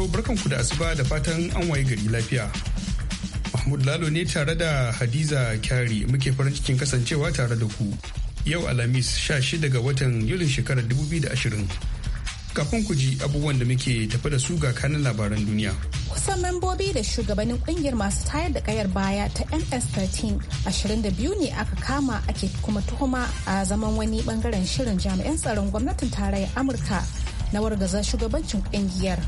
sauraro barkanku da asuba da fatan an waye gari lafiya. Mahmud Lalo ne tare da Hadiza Kyari muke farin cikin kasancewa tare da ku. Yau Alhamis 16 ga watan Yulin shekarar 2020. Kafin ku ji abubuwan da muke tafi da su ga kanin labaran duniya. Kusan membobi da shugabannin kungiyar masu tayar da kayar baya ta MS-13 22 ne aka kama ake kuma tuhuma a zaman wani bangaren shirin jami'an tsaron gwamnatin tarayyar Amurka na wargaza shugabancin kungiyar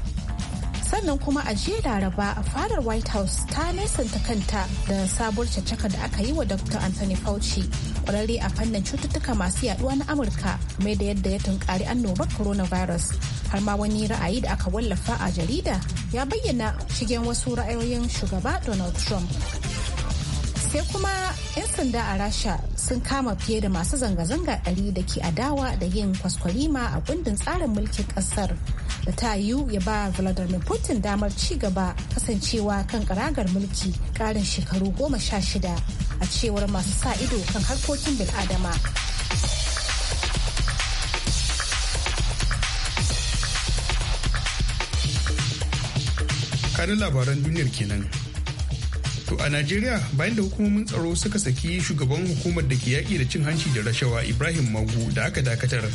sannan kuma a jiya laraba a fadar white house ta nesanta kanta da sabuwar caccaka da aka yi wa dr anthony fauci kwararre a fannin cututtuka masu yaduwa na amurka mai da yadda ya tunkari annobar coronavirus har ma wani ra'ayi da aka wallafa a jarida ya bayyana shigen wasu ra'ayoyin shugaba donald trump sai kuma 'yan sanda a rasha sun kama fiye da masu zanga-zanga ɗari da ke adawa da yin kwaskwarima a kundin tsarin mulkin ƙasar da ta yiwu ya ba vladimir putin damar ci gaba kasancewa kan karagar mulki ƙarin shekaru goma sha shida a cewar masu sa ido kan harkokin bil'adama kanin labaran duniyar kenan To a Najeriya bayan da hukumomin tsaro suka saki shugaban hukumar da ke yaƙi da cin hanci da rashawa Ibrahim Magu da aka dakatar.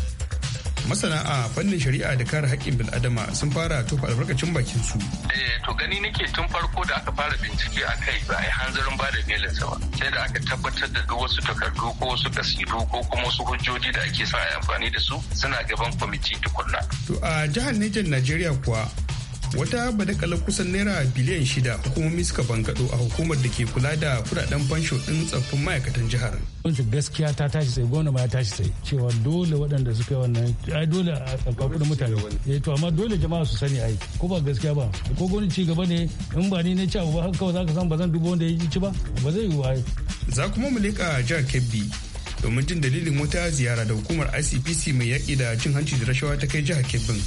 Masana a fannin shari'a da kare haƙƙin bil'adama sun fara tofa albarkacin bakin su. Eh to gani nake tun farko da aka fara bincike a kai ba a yi hanzarin ba da belinsa ba. Sai da aka tabbatar da duk wasu takardu ko wasu kasidu ko kuma wasu hujjoji da ake sa a amfani da su suna gaban kwamiti tukunna. To a jihar Nijar Najeriya kuwa wata badakalar kusan naira biliyan shida hukumomi suka bankado a hukumar da ke kula da kudaden fansho din tsaffin ma'aikatan jihar. gaskiya ta tashi sai gwamna ma ya tashi sai cewa dole waɗanda suka yi wannan ai dole a mutane eh to amma dole jama'a su sani ai ko ba gaskiya ba ko gwamnati ci gaba ne in ba ni na ci abu ba haka kawai zaka san ba zan dubo wanda ya ci ba ba zai wa ai. za kuma mu leƙa jihar kebbi domin jin dalilin wata ziyara da hukumar icpc mai yaƙi da cin hanci da rashawa ta kai jihar kebbin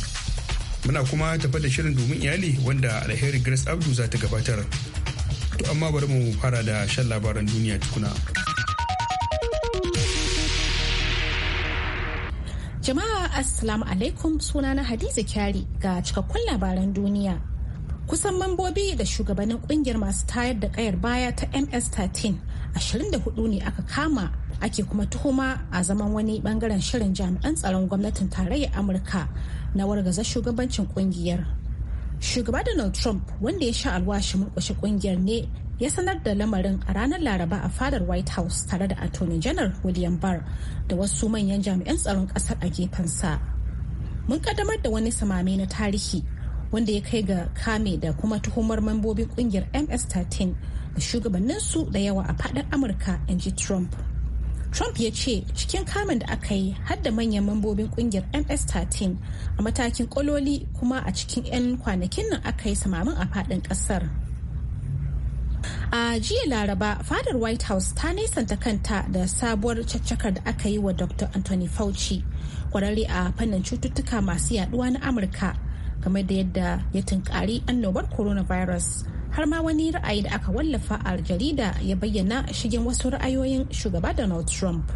muna kuma tafa da shirin domin iyali wanda alheri grace abdu za ta gabatar to amma bari mu fara da shan labaran duniya tukuna jama'a assalamu alaikum suna na hadiza kyari ga cikakkun labaran duniya kusan mambobi da shugabannin kungiyar masu tayar da kayar baya ta ms-13 24 ne aka kama ake kuma tuhuma a zaman wani bangaren shirin jami'an tsaron gwamnatin tarayyar amurka na wargaza shugabancin kungiyar shugaba donald trump wanda ya sha alwashi murkushe kungiyar ne ya sanar da lamarin a ranar laraba a fadar white house tare da attorney general william barr da wasu manyan jami'an tsaron kasar a gefensa mun kaddamar da wani samame na tarihi wanda ya kai ga kame da kuma tuhumar membobin kungiyar ms-13 da shugabanninsu da yawa a fadar amurka in ji trump Trump ya ce cikin kamun da aka yi har da manyan mambobin kungiyar MS-13 a matakin kololi kuma a cikin 'yan kwanakin nan aka yi samamin a fadin kasar. A jiya Laraba, fadar White House ta nesanta kanta da sabuwar caccakar da aka yi wa Dr. Anthony Fauci, kwararre a fannin cututtuka masu yaduwa na Amurka, game da yadda ya tunkari annobar coronavirus. har ma wani ra'ayi da aka wallafa a jarida ya bayyana shigen wasu ra'ayoyin shugaba donald trump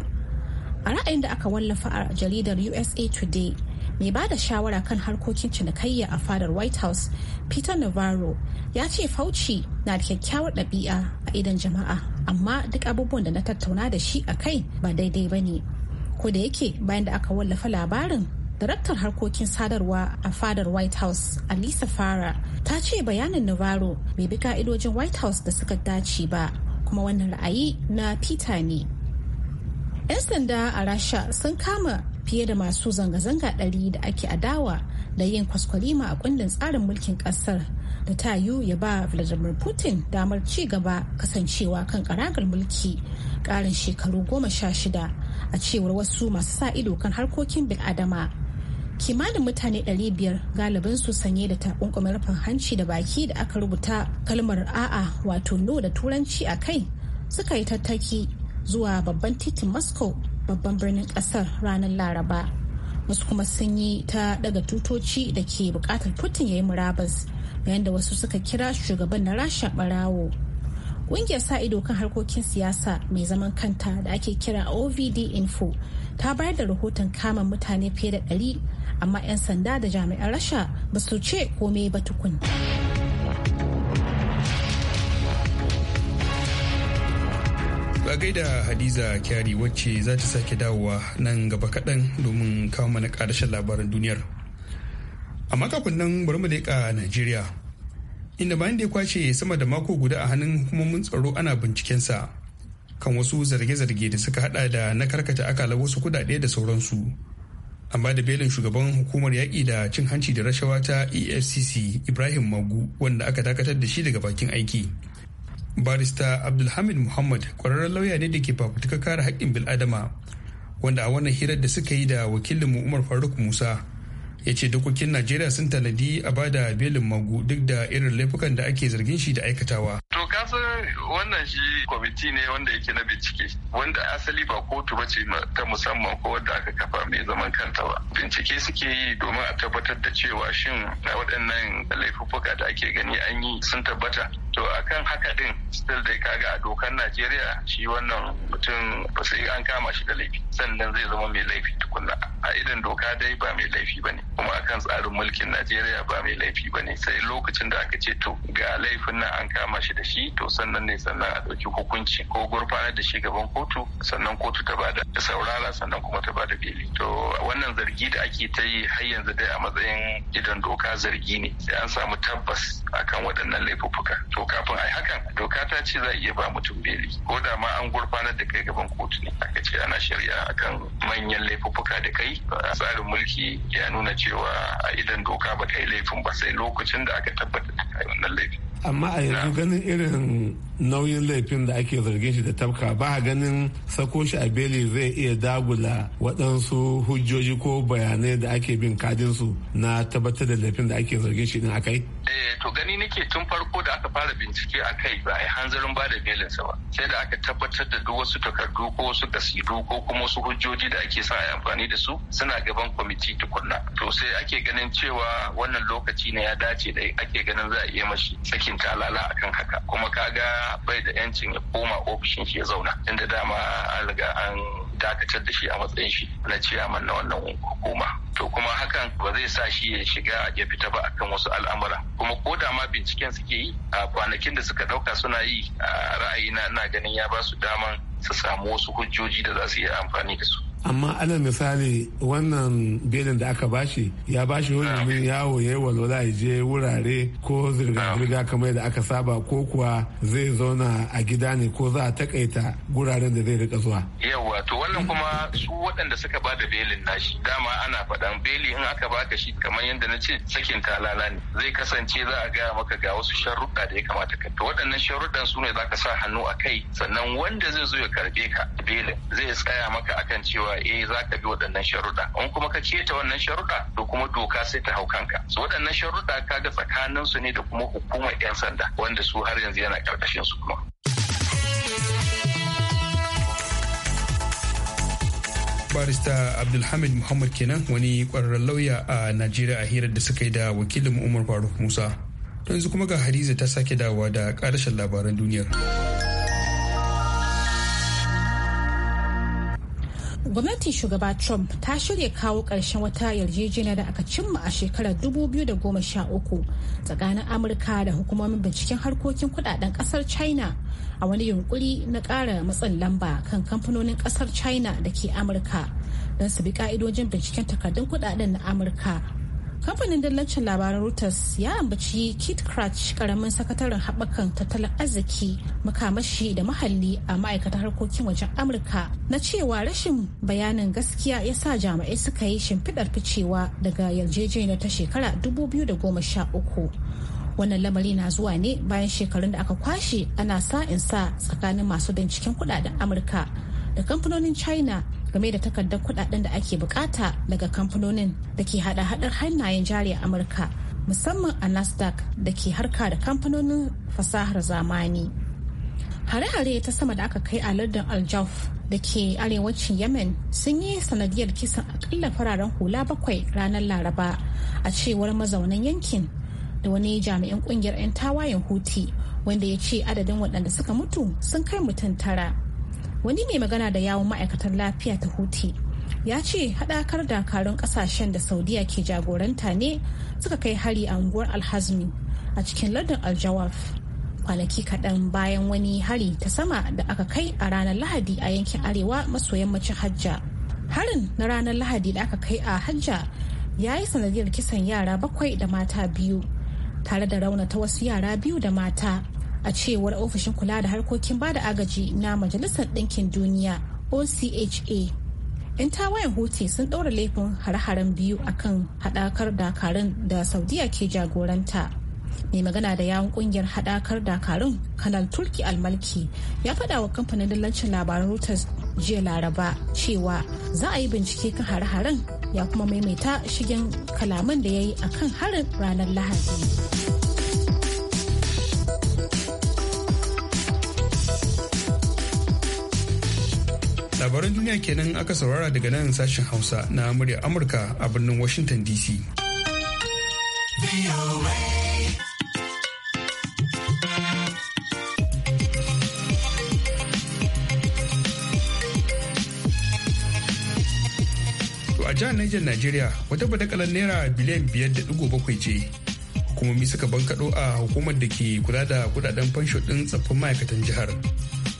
a ra'ayin da aka wallafa a jaridar usa today mai ba da shawara kan harkokin cinikayya a fadar white house peter navarro ya ce fauci na da kyakkyawar ɗabi'a a idan jama'a amma duk abubuwan da na tattauna da shi a kai ba daidai ba ne ko da yake bayan da aka wallafa labarin Daraktar harkokin sadarwa a fadar White House, Alisa Farah, ta ce bayanin Navarro bai bi ka'idojin White House da suka dace ba, kuma wannan ra'ayi na Peter ne. 'Yan sanda a Rasha sun kama fiye da masu zanga-zanga ɗari da ake adawa da yin kwaskwalima a kundin tsarin mulkin ƙasar da ta yiwu ya ba Vladimir Putin damar ci gaba kasancewa kan karagar mulki ƙarin shekaru goma sha shida a cewar wasu masu sa ido kan harkokin bil'adama. adama. kimanin mutane 500 galibin su sanye da takunkumin rufin hanci da baki da aka rubuta kalmar a'a wato no da turanci a kai suka yi tattaki zuwa babban titin moscow babban birnin kasar ranar laraba wasu kuma sun yi ta daga tutoci da ke bukatar putin ya yi murabas bayan da wasu suka kira shugaban na rasha barawo ƙungiyar sa ido kan harkokin siyasa mai zaman kanta da ake kira ovd info ta bayar da rahoton kama mutane fiye da amma 'yan sanda da jami'an rasha ba su ce komai ba tukun. Ba gaida Hadiza Kyari wacce za ta sake dawowa nan gaba kaɗan domin kawo mana ƙarshen labaran duniyar. Amma kafin nan bari mu leƙa Najeriya. Inda bayan da ya kwace sama da mako guda a hannun hukumomin tsaro ana bincikensa kan wasu zarge-zarge da suka hada da na karkata akalar wasu kudade da sauransu. amma da belin shugaban hukumar yaƙi da cin hanci da rashawa ta efcc ibrahim magu wanda aka dakatar da shi daga bakin aiki barista abdulhamid muhammad ƙwararren lauya ne da ke fafutuka kare haƙƙin bil'adama wanda a wannan hirar da suka yi da wakilinmu umar faruk musa ya ce dokokin najeriya sun tanadi a ba da belin magu duk da irin laifukan da ake zargin shi da aikatawa to kasa wannan shi kwamiti ne wanda yake na bincike wanda asali ba kotu bace ta musamman ko wadda aka kafa mai zaman kanta ba bincike suke yi domin a tabbatar da cewa shin waɗannan laifuka da ake gani an yi sun tabbata to akan haka din still dai kaga a dokar najeriya shi wannan mutum ba sai an kama shi da laifi sannan zai zama mai laifi tukunna a idan doka dai ba mai laifi bane kuma akan tsarin mulkin najeriya ba mai laifi bane sai lokacin da aka ce to ga laifin nan an kama shi da shi to sannan ne sannan a ɗauki hukunci ko gurfanar da shi gaban kotu sannan kotu ta bada saurara sannan kuma ta bada beli to wannan zargi da ake ta yi har yanzu dai a matsayin idan doka zargi ne sai an samu tabbas akan waɗannan laifuffuka to kafin a hakan doka ta ce za a iya ba mutum beli ko da ma an gurfanar da kai gaban kotu ne aka ce ana shari'a akan manyan laifuffuka da kai tsarin mulki ya nuna cewa a idan doka ba ta yi laifin ba sai lokacin da aka tabbatar da wannan laifin amma a yanzu ganin irin nauyin laifin da ake zargin shi da tabka ba ganin sako shi a beli zai iya dagula waɗansu hujjoji ko bayanai da ake bin kadinsu na tabbatar da laifin da ake zargin shi din akai? kai. Eh, to gani nake tun farko da aka fara bincike a kai ba a yi hanzarin ba da belinsa ba sai da aka tabbatar da duk wasu takardu ko wasu gasidu ko kuma wasu hujjoji da ake sa a yi amfani da su suna gaban kwamiti tukunna to sai ake ganin cewa wannan lokaci ne ya dace da ake ganin za a iya mashi sakin yin talala akan haka kuma kaga bai da yancin ya koma ofishin shi ya zauna inda dama an riga an dakatar da shi a matsayin shi na ciyaman na wannan hukuma to kuma hakan ba zai sa shi ya shiga ya fita ba akan wasu al'amura kuma ko da ma binciken suke yi a kwanakin da suka dauka suna yi a ra'ayi na ganin ya ba su daman su samu wasu hujjoji da za su yi amfani da su amma alal misali wannan belin da aka bashi ya bashi hulumin ah, yawo ya yi walwala ya je wurare ko zirga-zirga ah, kamar da aka saba ko kuwa zai zauna a gida ne ko za a takaita guraren da zai rika zuwa yawa to wannan kuma su waɗanda suka ba da belin nashi dama ana faɗan beli in aka baka shi kamar yadda na ce sakin talala ne zai kasance za a gaya maka ga wasu sharuɗa da ya kamata ka to waɗannan sharuɗan su ne za ka sa hannu a kai sannan wanda zai zo ya karɓe ka belin zai tsaya maka akan cewa eh za ka bi waɗannan sharuɗa in kuma ka ce ta wannan sharuɗa to kuma doka sai ta hau kanka su waɗannan sharuɗa kaga tsakanin su ne da kuma hukumar 'yan sanda wanda su har yanzu yana ƙarƙashin su kuma. barista abdulhamid muhammad kenan wani ƙwararren lauya a najeriya a hirar da suka yi da wakilin umar faruk musa yanzu kuma ga hadiza ta sake dawa da karashin labaran duniyar. gwamnatin shugaba trump ta shirya kawo ƙarshen wata yarjejeniya da aka cimma a shekarar 2013 tsakanin amurka da hukumomin binciken harkokin kudaden kasar china a wani yunkuri na ƙara matsin lamba kan kamfanonin ƙasar china da ke amurka don su bi ka'idojin binciken takardun kudaden na amurka kamfanin dallacin labaran reuters ya ambaci kit crutch karamin sakataren haɓakan tattalin arziki makamashi da mahalli a ma'aikatar harkokin wajen amurka na cewa rashin bayanin gaskiya ya sa jami'ai suka yi shimfiɗar ficewa daga yarjejeniyar ta shekara 2013 wannan lamari na zuwa ne bayan shekarun da aka kwashe ana sa in sa tsakanin masu binciken kudaden amurka da kamfanonin china game da takardar kudaden da ake bukata daga kamfanonin da ke hada hadar hannayen jari a amurka musamman a nasdaq da ke harka da kamfanonin fasahar zamani hare-hare ta sama da aka kai a lardin aljaf da ke arewacin yemen sun yi sanadiyar kisan akalla fararen hula bakwai ranar laraba a cewar mazaunan yankin da wani jami'in kungiyar 'yan tawayen huti wanda ya ce adadin waɗanda suka mutu sun kai mutum tara wani mai magana da yawon ma'aikatar lafiya ta huti ya ce haɗakar dakarun ƙasashen da saudiya ke jagoranta ne suka kai hari a unguwar alhazmi a cikin lardin aljawaf kwanaki kaɗan bayan wani hari ta sama da aka kai a ranar lahadi a yankin arewa maso yammacin hajja harin na ranar lahadi da aka kai a hajja ya yi sanadiyar kisan yara bakwai da mata biyu tare da raunata wasu yara biyu da mata a cewar ofishin kula da harkokin bada agaji na majalisar ɗinkin duniya ocha yan tawayen huti sun ɗaura laifin hare-haren biyu akan haɗakar dakarun da saudiya ke jagoranta mai magana da yawon kungiyar haɗakar dakarun kanal turki almalki ya faɗa wa kamfanin dillancin labaran reuters jiya laraba cewa za a yi bincike kan hare-haren ya kuma maimaita shigen kalaman da ya yi akan harin ranar lahadi labaran duniya kenan aka saurara daga nan sashen hausa na muryar amurka a birnin washington dc a jihar Niger Najeriya wata badakalar naira biliyan biyar da digo bakwai ce hukumomi suka bankaɗo a hukumar da ke kula da kudaden fansho ɗin tsaffin ma'aikatan jihar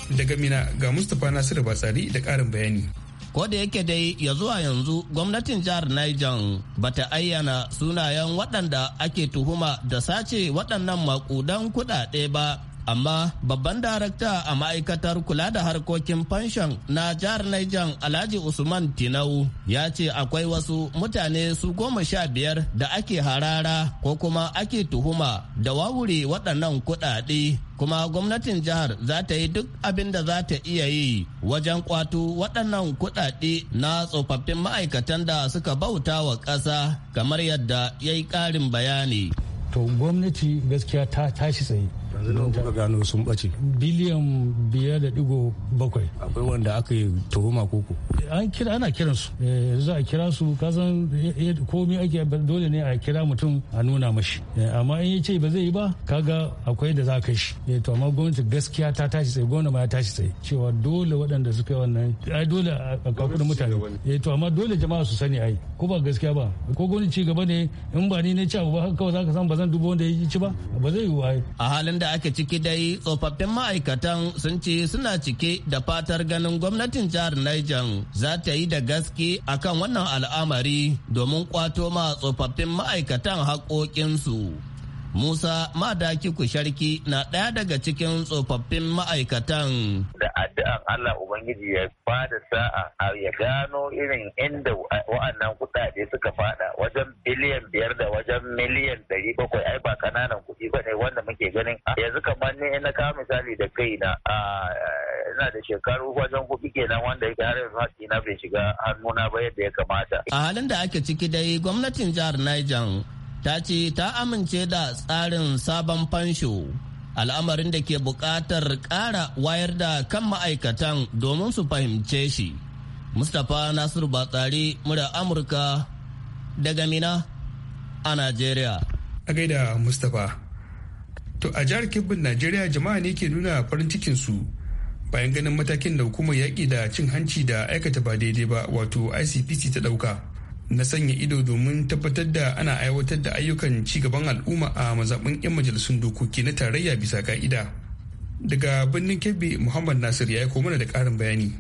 Daga Mina ga Mustapha Nasiru Batsari da ƙarin bayani. ko da yake dai ya zuwa yanzu gwamnatin jihar Niger bata ayyana sunayen waɗanda ake tuhuma da sace waɗannan makudan kuɗaɗe ba amma babban darakta a ma'aikatar kula da harkokin fanshon na jihar Niger Alhaji Usman Tinau ya ce akwai wasu mutane su goma sha biyar da ake harara ko kuma ake tuhuma da wawure waɗannan kuɗaɗe kuma gwamnatin jihar za ta yi duk abin da za ta iya yi wajen kwato waɗannan kuɗaɗe na tsofaffin ma'aikatan da suka bauta wa ƙasa kamar yadda ya yi ƙarin bayani. To gwamnati gaskiya ta tashi tsaye. yanzu nawa kuka gano sun bace biliyan biyar da digo bakwai akwai wanda aka yi tuhuma koko an kira ana kiran su eh, yanzu a kira su kasan eh, eh, komai ake dole ne a kira mutum a nuna mashi amma in ya ce ba zai yi ba kaga akwai da za ka shi to amma gwamnati gaskiya ta tashi tsaye gwamnati ma ya tashi tsaye cewa dole waɗanda suka yi wannan ai dole a kafin mutane to amma dole jama'a su sani ai ko ba gaskiya ba ko gwamnati ci gaba ne in ba ni ne ci abu ba kawai za ka san ba zan dubo wanda ya ci ba ba zai yi wa a halin da ake ciki dai tsofaffin ma'aikatan sun ce suna cike da fatar ganin gwamnatin jihar Niger za ta yi da gaske akan wannan al'amari domin kwato ma tsofaffin ma'aikatan haƙoƙinsu. Musa Madaki sharki na ɗaya daga cikin tsofaffin ma'aikatan. Da addu'an Allah Ubangiji ya fada da sa'a ya gano irin inda wa'annan kuɗaɗe suka fada wajen biliyan biyar da wajen miliyan ɗari bakwai ai ba kananan kuɗi ba ne wanda muke ganin yanzu kamar ni na kawo misali da kaina ina da shekaru wajen kuɗi kenan wanda ya har yanzu haƙƙi na bai shiga hannuna ba yadda ya kamata. A halin da ake ciki dai gwamnatin jihar Niger ta ce ta amince da tsarin sabon fansho al'amarin da ke buƙatar ƙara wayar da kan ma'aikatan domin su fahimce shi mustapha nasiru batsari mura amurka daga mina a najeriya a gaida mustapha to a jihar kibbin najeriya jama'a ne ke nuna farin cikin su bayan ganin matakin da hukumar yaƙi da cin hanci da aikata ba daidai ba wato icpc ta ɗauka na sanya ido domin tabbatar da ana aiwatar da ayyukan cigaban al'umma a mazaɓin 'yan majalisun dokoki na tarayya bisa ka'ida daga birnin kebbi muhammad nasir ya yi mana da ƙarin bayani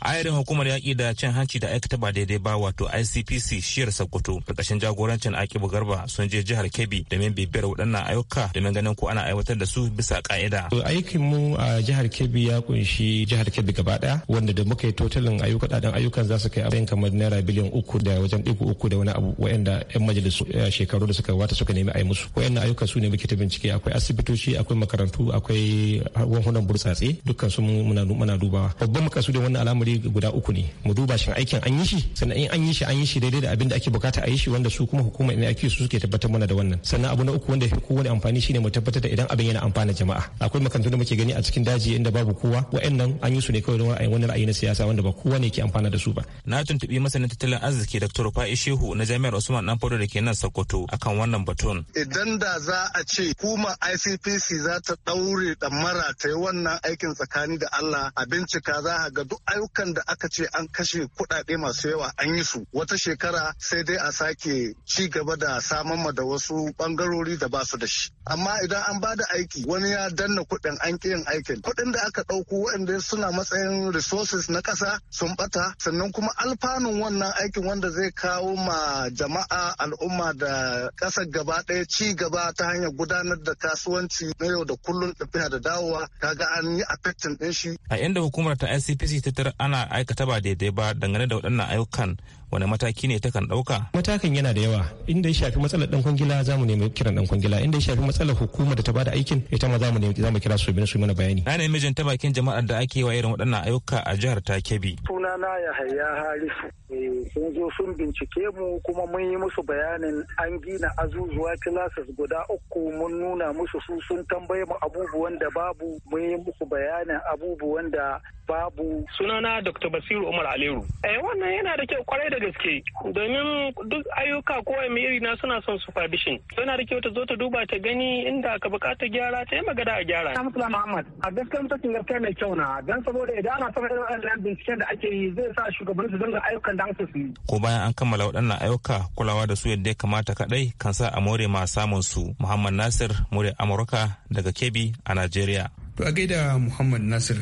ayarin hukumar yaƙi da cin hanci da aikata ba daidai ba wato icpc shiyar sokoto karkashin jagorancin aki garba sun je jihar kebbi domin bibiyar waɗannan ayyuka domin ganin ko ana aiwatar da su bisa ka'ida. aikin mu a jihar kebbi ya kunshi jihar kebbi gaba ɗaya wanda da muka yi totalin ayyuka ɗaɗan ayyukan za su kai abin kamar naira biliyan uku da wajen ɗigo uku da wani abu wa'anda yan majalisu eh, shekaru da suka wata suka nemi a yi musu wa'annan ayyuka su ne muke ta bincike akwai asibitoci akwai makarantu akwai wanhunan burtsatse dukkan su muna dubawa babban makasudin wannan al'amari guda uku ne mu duba shin aikin an yi shi sannan in an yi shi an yi shi daidai da abin da ake bukata a yi shi wanda su kuma hukuma ne ake su suke tabbatar mana da wannan sannan abu na uku wanda kowane amfani shine mu tabbatar da idan abin yana amfana jama'a akwai makarantu da muke gani a cikin daji inda babu kowa wa'annan an yi su ne kawai don ra'ayin wani ra'ayi na siyasa wanda ba kowa ne ke amfana da su ba na tuntubi masanin tattalin arziki Dr. Fa'i Shehu na Jami'ar Usman fado da ke nan Sokoto akan wannan batun idan da za a ce kuma ICPC za ta daure damara ta yi wannan aikin tsakani da Allah a bincika za a ga duk ayyukan da aka ce an kashe kuɗaɗe masu yawa an yi su wata shekara sai dai a sake ci gaba da samun da wasu bangarori da ba su da shi amma idan an ba da aiki wani ya danna kuɗin an ƙi yin aikin kuɗin da aka ɗauko waɗanda suna matsayin resources na ƙasa sun ɓata sannan kuma alfanun wannan aikin wanda zai kawo ma jama'a al'umma da ƙasar gaba ɗaya ci gaba ta hanyar gudanar da kasuwanci na yau da kullum tafiya da dawowa kaga an yi affecting ɗin shi. A inda hukumar ta ICPC ta tara ana aikata ba daidai ba dangane da waɗannan ayyukan wani mataki ne takan ɗauka? Matakan yana da yawa inda ya shafi matsalar ɗan kwangila za mu nemi kiran ɗan kwangila inda ya shafi matsalar hukuma da ta bada aikin ita ma za mu nemi za mu kira su bin su mana bayani. Na ne mijin ta bakin jama'ar da ake wa irin waɗannan ayyuka a jihar takebi Sunana ya Yahaya Harisu. Eh, sun zo sun bincike mu kuma mun yi musu bayanin an gina azuzuwa classes guda uku mun nuna musu su sun tambaye mu abubuwan da babu mun yi musu bayanin abubuwan da babu sunana dr basiru umar aleru eh wannan yana da kyau kwarai da gaske domin duk ayyuka ko iri na suna son fabishin yana da kyau ta zo ta duba ta gani inda aka bukata gyara ta yi magana a gyara amsula muhammad a gaskiya mutakin gaskiya mai kyau na don saboda idan ana son irin wannan binciken da ake yi zai sa shugabanni su dinga ayyukan da su Ko bayan an kammala waɗannan ayyuka kulawa da su yadda ya kamata kaɗai kan sa a more ma samun su. Muhammad Nasir more Amurka daga Kebbi a Najeriya. To a gaida Muhammad Nasir.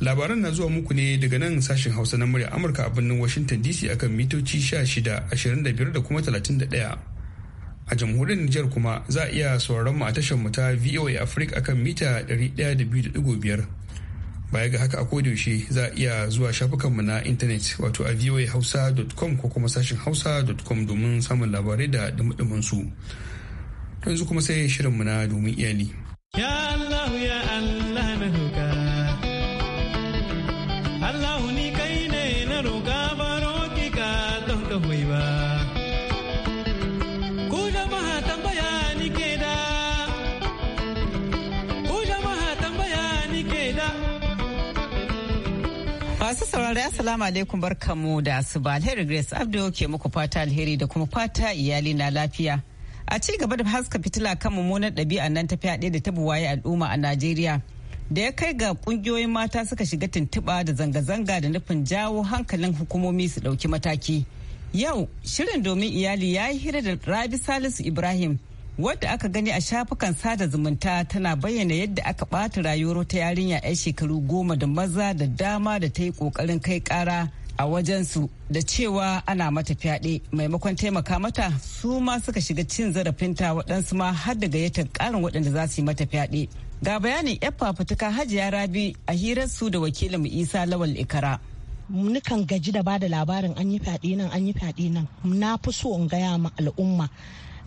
Labaran na zuwa muku ne daga nan sashen Hausa na murya Amurka a birnin Washington DC akan mitoci 16, 25 da kuma da 31. A jamhuriyar Nijar kuma za a iya sauraron mu a tashar mu ta VOA Africa akan mita 102.5. baya ga haka a yaushe za a iya zuwa shafukanmu na intanet wato a voahausa.com ko kuma sashin hausa.com domin samun labarai da dumudumin su yanzu kuma sai mu na domin iyali ya Allah ya Allah na saurari assalamu alaikum kamu da asuba alheri grace abdu ke muku fata alheri da kuma fata iyali na lafiya a ci gaba da haska fitila kan mummunar ɗabi'a nan ta fyaɗe da ta buwaye al'umma a najeriya da ya kai ga ƙungiyoyin mata suka shiga tuntuɓa da zanga-zanga da nufin jawo hankalin hukumomi su ɗauki mataki yau shirin domin iyali ya yi hira da rabi salisu ibrahim wadda aka gani a shafukan sada zumunta tana bayyana yadda aka ɓata rayuwar wata yarinya 'yan shekaru goma da maza da dama da ta yi ƙoƙarin kai kara a wajensu da cewa ana mata fyaɗe maimakon taimaka mata su ma suka shiga cin zarafinta waɗansu ma har da gayyatar ƙarin waɗanda za su yi mata fyaɗe ga bayanin 'yan fafutuka hajiya rabi a hirar su da wakilin mu isa lawal ikara nukan gaji da bada labarin an yi fyaɗe nan an yi fyaɗe nan na fi so in gaya ma al'umma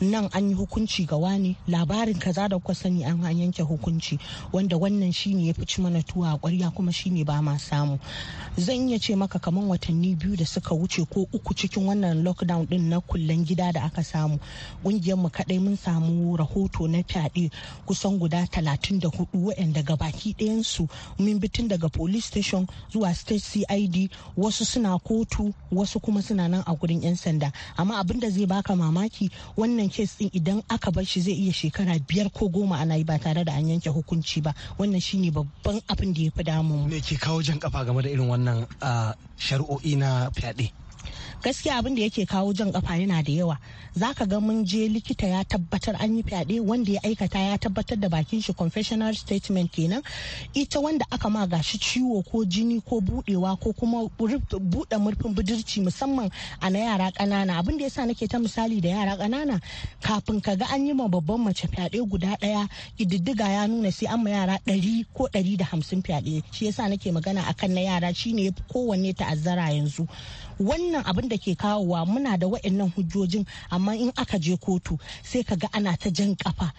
nan an yi hukunci ga wani labarin kaza da kuka sani an yanke hukunci wanda wannan shine ya fici mana tuwa a kwarya kuma shine ba ma samu zan iya ce maka kaman watanni biyu da suka wuce ko uku cikin wannan lockdown din na kullen gida da aka samu kungiyar mu kadai mun samu rahoto na fyaɗe kusan guda talatin da 34 waɗanda baki ɗayan su mun bitin daga police station zuwa state cid wasu suna kotu wasu kuma suna nan a gurin 'yan sanda amma abin da zai baka mamaki wannan wannan kes din idan aka bar shi zai iya shekara biyar ko goma ana yi ba tare da an yanke hukunci ba wannan shine babban abin da ya fi damu me ke kawo jan kafa game da irin wannan ah, shari'o'i na fyaɗe gaskiya abin da yake kawo jan kafa yana da yawa zaka ga mun je likita ya tabbatar an yi fyaɗe wanda ya aikata ya tabbatar da bakin shi confessional statement kenan ita wanda aka ma gashi ciwo ko jini ko budewa ko kuma buɗe murfin budurci musamman a na yara ƙanana abin da yasa nake ta misali da yara ƙanana kafin ka ga an yi ma babban mace fyaɗe guda ɗaya ƙididdiga ya nuna sai an ma yara ɗari ko ɗari da hamsin fyaɗe shi yasa nake magana akan na yara shine kowanne ta'azzara yanzu wannan abin da ke kawowa muna da wa'annan hujjojin amma in aka je kotu sai ka ga ana ta jan kafa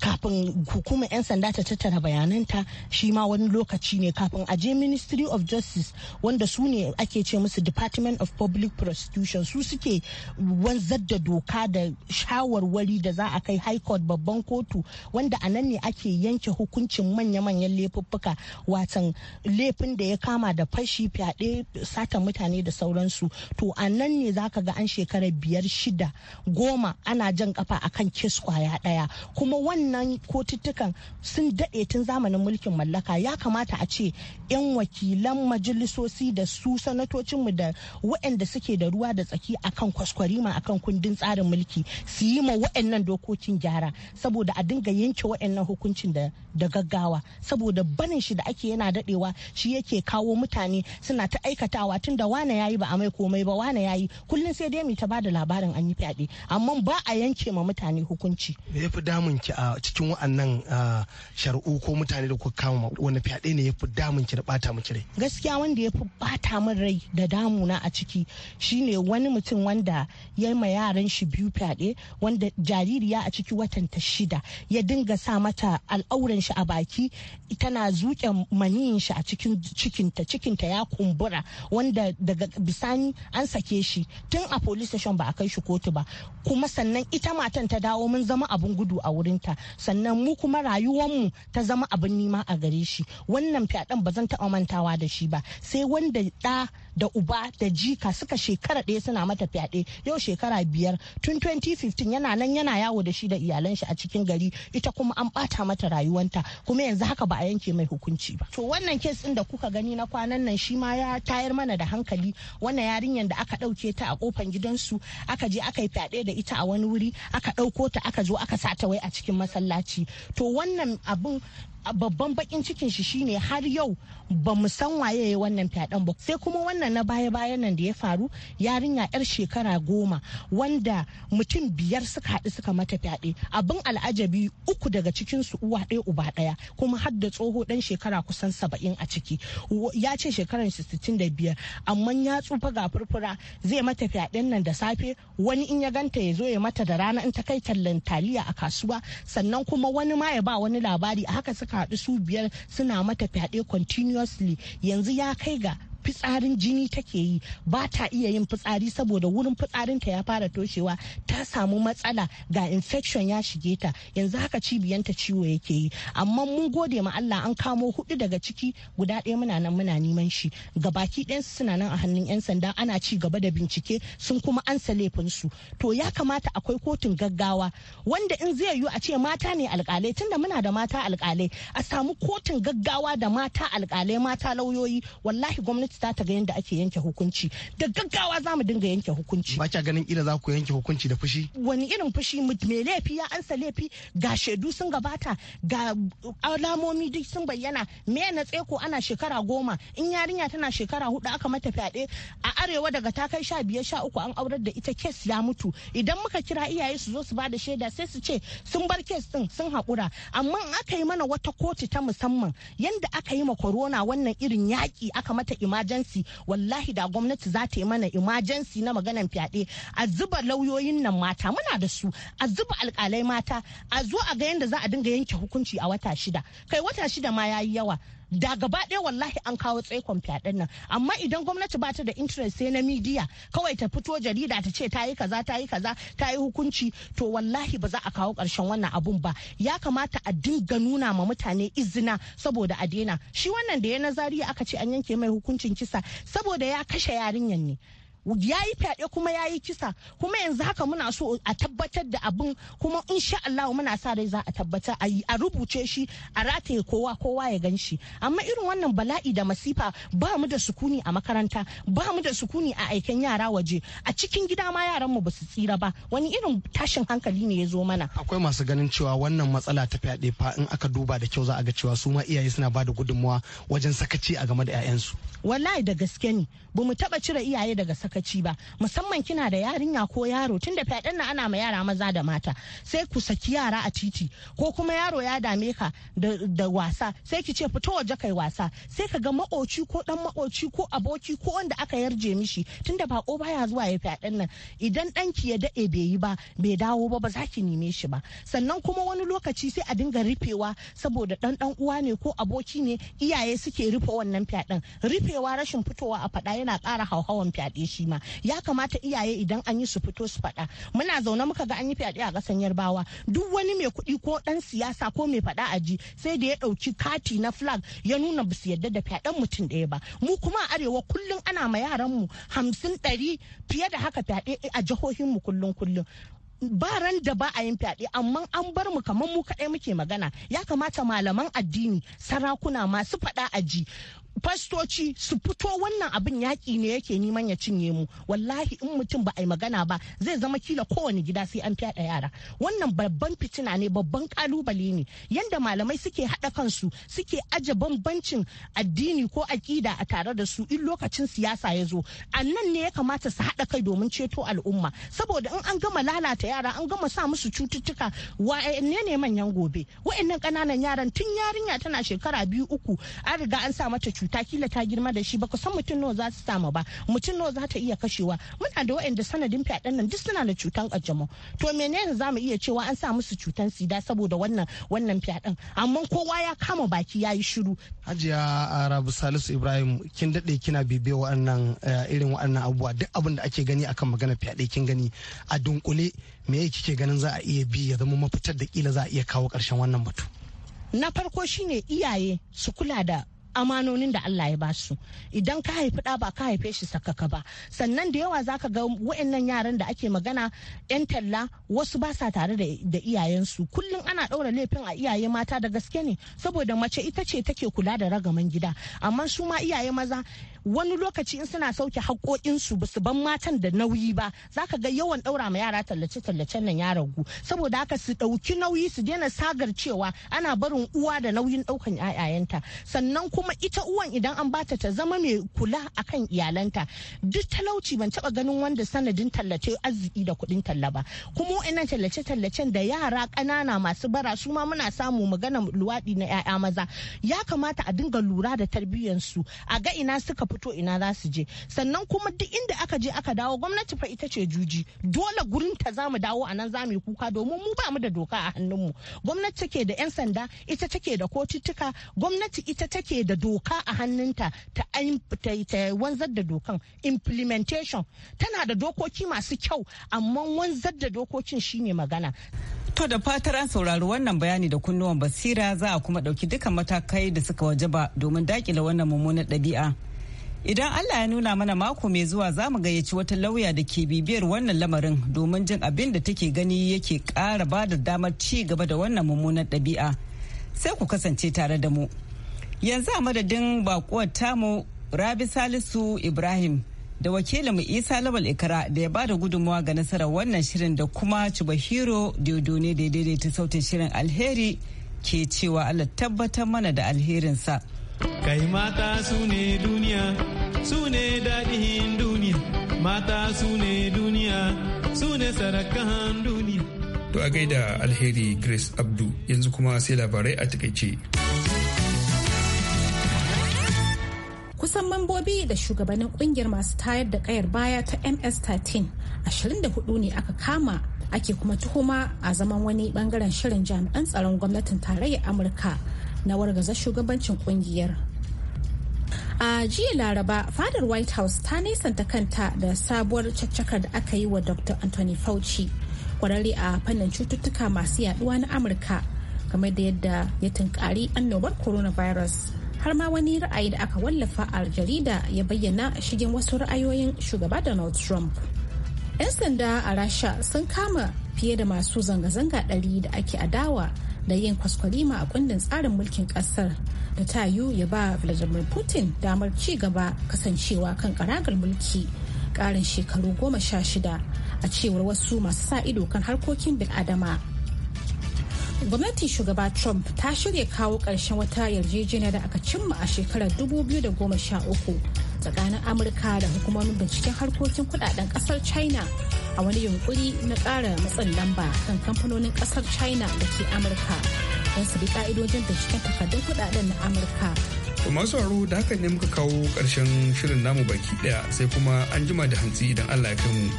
kafin hukumar 'yan sanda ta tattara bayananta shi ma wani lokaci ne kafin a je ministry of justice wanda su ne ake ce musu department of public prosecution su suke wanzar da doka da shawarwari da za a kai high court babban kotu wanda a nan ne ake yanke hukuncin manya-manyan laifuffuka watan laifin da ya kama da fashi fyaɗe sata mutane da sauransu to a nan ne za ka ga an shekara biyar shida goma ana jan kafa akan kes kwaya ɗaya kuma wannan kotuttukan sun daɗe tun zamanin mulkin mallaka ya kamata a ce 'yan wakilan majalisosi da su sanatocinmu da waɗanda suke da ruwa da tsaki akan kwaskwarima akan kundin tsarin mulki su yi ma waɗannan dokokin gyara saboda a dinga yanke waɗannan hukuncin da gaggawa saboda banin shi da ake yana daɗewa shi yake kawo mutane suna ta aikatawa tun da wane yayi ba a mai komai ba wane yayi kullum sai dai mu ta bada labarin an yi fyaɗe amma ba a yanke ma mutane hukunci. Me ya fi damun ki a cikin wa'annan shari'u ko mutane da kuka kama wani fyaɗe ne ya fi damun ki da bata miki rai gaskiya wanda ya fi bata min rai da damuna a ciki shine wani mutum wanda ya ma yaran shi biyu fyaɗe wanda jaririya a ciki watan ta shida ya dinga sa mata al'auran shi a baki tana zuke maniyin shi a cikin cikinta cikinta ya kumbura wanda daga bisani an sake shi tun a police station ba a kai shi kotu ba kuma sannan ita matan ta dawo mun zama abun gudu a wurinta sannan mu kuma rayuwar mu ta zama abin nima a gare shi wannan fyaɗen ba zan taɓa mantawa da shi ba sai wanda ɗa da uba da jika suka shekara ɗaya suna mata fyaɗe yau shekara biyar tun 2015 yana nan yana yawo da shi da iyalan shi a cikin gari ita kuma an ɓata mata rayuwanta kuma yanzu haka ba a yanke mai hukunci ba to wannan kes ɗin da kuka gani na kwanan nan shi ma ya tayar mana da hankali wannan yarinyar da aka ɗauke ta a kofan gidansu aka je aka yi fyaɗe da ita a wani wuri aka ɗauko ta aka zo aka sata wai a cikin masallaci to wannan abun. babban bakin cikin shi shine har yau ba mu san waye ya wannan fyaɗen ba sai kuma wannan na baya bayan nan da ya faru yarinya yar shekara goma wanda mutum biyar suka haɗu suka mata fyaɗe abin al'ajabi uku daga cikin su uwa ɗaya uba ɗaya kuma har da tsoho ɗan shekara kusan saba'in a ciki ya ce shekaran sittin da biyar amma ya tsufa ga furfura zai mata fyaɗen nan da safe wani in ya ganta ya zo ya mata da rana in ta kai tallan taliya a kasuwa sannan kuma wani ma ya ba wani labari a haka suka faɗi su biyar suna mata fyaɗe continuously yanzu ya kai ga fitsarin jini take yi ba ta iya yin fitsari saboda wurin fitsarinta ya fara toshewa ta samu matsala ga infection ya shige ta yanzu haka cibiyanta ciwo yake yi amma mun gode ma Allah an kamo hudu daga ciki guda ɗaya muna nan muna neman shi ga baki ɗayansu suna nan a hannun 'yan sanda ana ci gaba da bincike sun kuma ansa su to ya kamata akwai kotun gaggawa wanda in zai yiwu a ce mata ne alkalai tunda muna da mata alkalai a samu kotun gaggawa da mata alkalai mata lauyoyi wallahi gwamnati za ta ga yadda ake yanke hukunci da gaggawa za mu dinga yanke hukunci ba ganin ila za ku yanke hukunci da fushi wani irin fushi mai laifi ya ansa laifi ga shaidu sun gabata ga alamomi duk sun bayyana me na tseko ana shekara goma in yarinya tana shekara hudu aka mata fyaɗe a arewa daga ta kai sha biyar sha uku an aurar da ita kes ya mutu idan muka kira iyaye su zo su ba da shaida sai su ce sun bar kes din sun haƙura amma aka yi mana wata kotu ta musamman yadda aka yi ma corona wannan irin yaƙi aka mata imani imajensi wallahi da gwamnati za ta yi mana imajensi na maganan fyaɗe a zuba lauyoyin nan mata muna da su a zuba alkalai mata a zo a ga yadda za a dinga yanke hukunci a wata shida kai wata shida ma ya yi yawa da gaba ɗaya wallahi an kawo tsaikon fyaɗen nan amma idan gwamnati ba ta da interest sai na midiya kawai ta fito jarida ta ce ta yi kaza ta yi kaza ta yi hukunci to wallahi ba za a kawo ƙarshen wannan abun ba ya kamata a dinga nuna ma mutane izina saboda a daina shi wannan da ya nazari aka ce an yanke mai hukuncin kisa saboda ya kashe yarinyan ne ya yi fyaɗe kuma ya yi kisa kuma yanzu haka muna so a tabbatar da abin kuma insha Allah muna sa rai za a tabbatar a rubuce shi a rataye kowa kowa ya gan shi amma irin wannan bala'i da masifa ba mu da sukuni a makaranta ba mu da sukuni a aiken yara waje a cikin gida ma yaran mu basu tsira ba wani irin tashin hankali ne ya zo mana akwai masu ganin cewa wannan matsala ta fyaɗe fa in aka duba da kyau za a ga cewa su ma iyaye suna ba da gudunmawa wajen sakaci a game da 'ya'yansu wallahi da gaske ne bamu taba cire iyaye daga sakaci lokaci ba musamman kina da yarinya ko yaro tun da fyaɗen na ana ma yara maza da mata sai ku saki yara a titi ko kuma yaro ya dame ka da wasa sai ki ce fito waje kai wasa sai ka ga makoci ko dan makoci ko aboki ko wanda aka yarje mishi tunda bako baya zuwa ya fyaɗen nan idan ɗanki ya daɗe bai yi ba bai dawo ba ba za ki neme shi ba sannan kuma wani lokaci sai a dinga rufewa saboda ɗan ɗan uwa ne ko aboki ne iyaye suke rufe wannan fyaɗen rufewa rashin fitowa a faɗa yana ƙara hauhawan fyaɗe shi ya kamata iyaye idan an yi su fito su faɗa muna zaune muka ga an yi fyaɗe a ƙasan yarbawa duk wani mai kuɗi ko ɗan siyasa ko mai faɗa a ji sai da ya ɗauki kati na flag ya nuna ba su yarda da fyaɗen mutum ɗaya ba mu kuma a arewa kullum ana ma yaran mu hamsin ɗari fiye da haka fyaɗe a jihohinmu kullum kullum baran da ba a yin fyaɗe amma an bar mu kamar mu kaɗai muke magana ya kamata malaman addini sarakuna masu faɗa ji. fastoci su fito wannan abin yaƙi ne yake neman ya cinye mu wallahi in mutum ba a yi magana ba zai zama kila kowane gida sai an fyaɗa yara wannan babban fitina ne babban kalubale ne yanda malamai suke haɗa kansu suke aje bambancin addini ko aƙida a tare da su in lokacin siyasa ya zo a nan ne ya kamata su haɗa kai domin ceto al'umma saboda in an gama lalata yara an gama sa musu cututtuka wa'anne ne manyan gobe wa'annan ƙananan yaran tun yarinya tana shekara biyu uku an riga an sa mata cututtuka cuta kila ta girma da shi ba ku san mutum nawa za su samu ba mutum nawa za ta iya kashewa muna da waɗanda sanadin fyaɗen nan duk suna da cutan ƙanjamau to menene za mu iya cewa an sa musu cutan sida saboda wannan wannan fyaɗen amma kowa ya kama baki ya yi shiru. hajiya arabu salisu ibrahim kin daɗe kina bibiya wa'annan eh, irin wa'annan abubuwa duk abin da ake gani akan magana fyaɗe kin gani a dunkule me kike ganin za a iya bi ya zama mafitar da kila za a iya kawo karshen wannan batu. na farko shine iyaye su kula da amanonin da Allah ya basu idan ka haifi ɗa ba ka haife shi sakaka ba sannan da yawa zaka ga wa'annan yaran da ake magana yan talla wasu ba sa tare da iyayensu kullum ana ɗaura laifin a iyaye mata da gaske ne saboda mace ita ce take kula da ragaman gida amma su ma iyaye maza wani lokaci in suna sauke haƙoƙinsu ba su ban matan da nauyi ba za ka ga yawan ɗaura ma yara tallace tallace nan ya ragu saboda haka su ɗauki nauyi su daina sagar cewa ana barin uwa da nauyin ɗaukan ƴaƴayenta sannan kuma ita uwan idan an bata ta zama mai kula akan iyalanta duk talauci ban taɓa ganin wanda sanadin tallace arziki da kuɗin talla ba kuma ina tallace-tallacen da yara ƙanana masu bara su ma muna samu magana luwaɗi na 'ya'ya maza ya kamata a dinga lura da tarbiyyansu a ga ina suka fito ina za su je sannan kuma duk inda aka je aka dawo gwamnati fa ita ce juji dole gurin ta za mu dawo anan nan za mu kuka domin mu ba mu da doka a hannun mu gwamnati take da 'yan sanda ita take da kotuttuka gwamnati ita take da doka a hannunta ta wanzar da dokan implementation tana da dokoki masu kyau amma wanzar da dokokin shine magana To da fatar an saurari wannan bayani da kunnuwan basira za a kuma dauki dukkan matakai da suka wajaba domin dakile wannan mummunan ɗabi'a. Idan Allah ya nuna mana mako mai zuwa za mu gayyaci wata lauya da ke bibiyar wannan lamarin domin jin abin da take gani yake ƙara ba da damar ci gaba da wannan mummunan ɗabi'a. Sai ku kasance tare da mu. Yanzu a madadin bakuwar tamu Rabi Salisu Ibrahim da wakilinmu Isa Lawal Ikara da ya bada gudunmawa ga nasarar wannan shirin da kuma Chubahiro Diodone da daidaita sautin shirin alheri ke cewa Allah tabbatar mana da alherinsa. Kai mata su ne duniya su ne daɗin duniya mata su ne duniya su ne sarakan duniya to a gaida alheri grace abdu yanzu kuma sai labarai a takaice kusan mambobi da shugabannin kungiyar masu tayar da kayar baya ta ms-13 24 ne aka kama ake kuma tuhuma a zaman wani bangaren shirin jami'an tsaron gwamnatin tarayyar amurka na wargaza shugabancin kungiyar a jiya laraba fadar white house ta nesanta kanta da sabuwar caccakar da aka yi wa dr anthony fauci kwararre a fannin cututtuka masu yaduwa na amurka game da yadda ya tunkari annobar coronavirus har ma wani ra'ayi da aka wallafa a jarida ya bayyana shigen wasu ra'ayoyin shugaba donald trump 'yan sanda a rasha sun kama fiye da masu zanga-zanga ɗari da ake adawa da yin kwaskwarima a kundin tsarin mulkin ƙasar da ta ya ba vladimir putin damar ci gaba kasancewa kan karagar mulki karin shekaru goma sha shida a cewar wasu masu sa ido kan harkokin bin adama. gwamnatin shugaba trump ta shirya kawo ƙarshen wata yarjejeniya da aka cimma a shekarar 2013 tsakanin amurka da hukumomin binciken harkokin kudaden kasar china a wani yunkuri na ƙara matsin lamba kan kamfanonin kasar china da ke amurka don su bi ka'idojin cikin takardun kudaden na amurka masu aro da hakan ne muka kawo karshen shirin namu baki daya sai kuma an jima da hantsi idan allah ya mu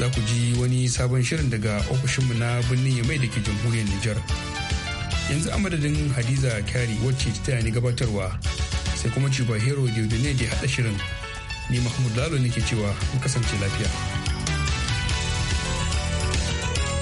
za ku ji wani sabon shirin daga ofishinmu na birnin yamai da ke jamhuriyar nijar yanzu a madadin hadiza kyari wacce ta taya gabatarwa sai kuma ciba hero ne da haɗa shirin ni mahmud lalo nake cewa mu kasance lafiya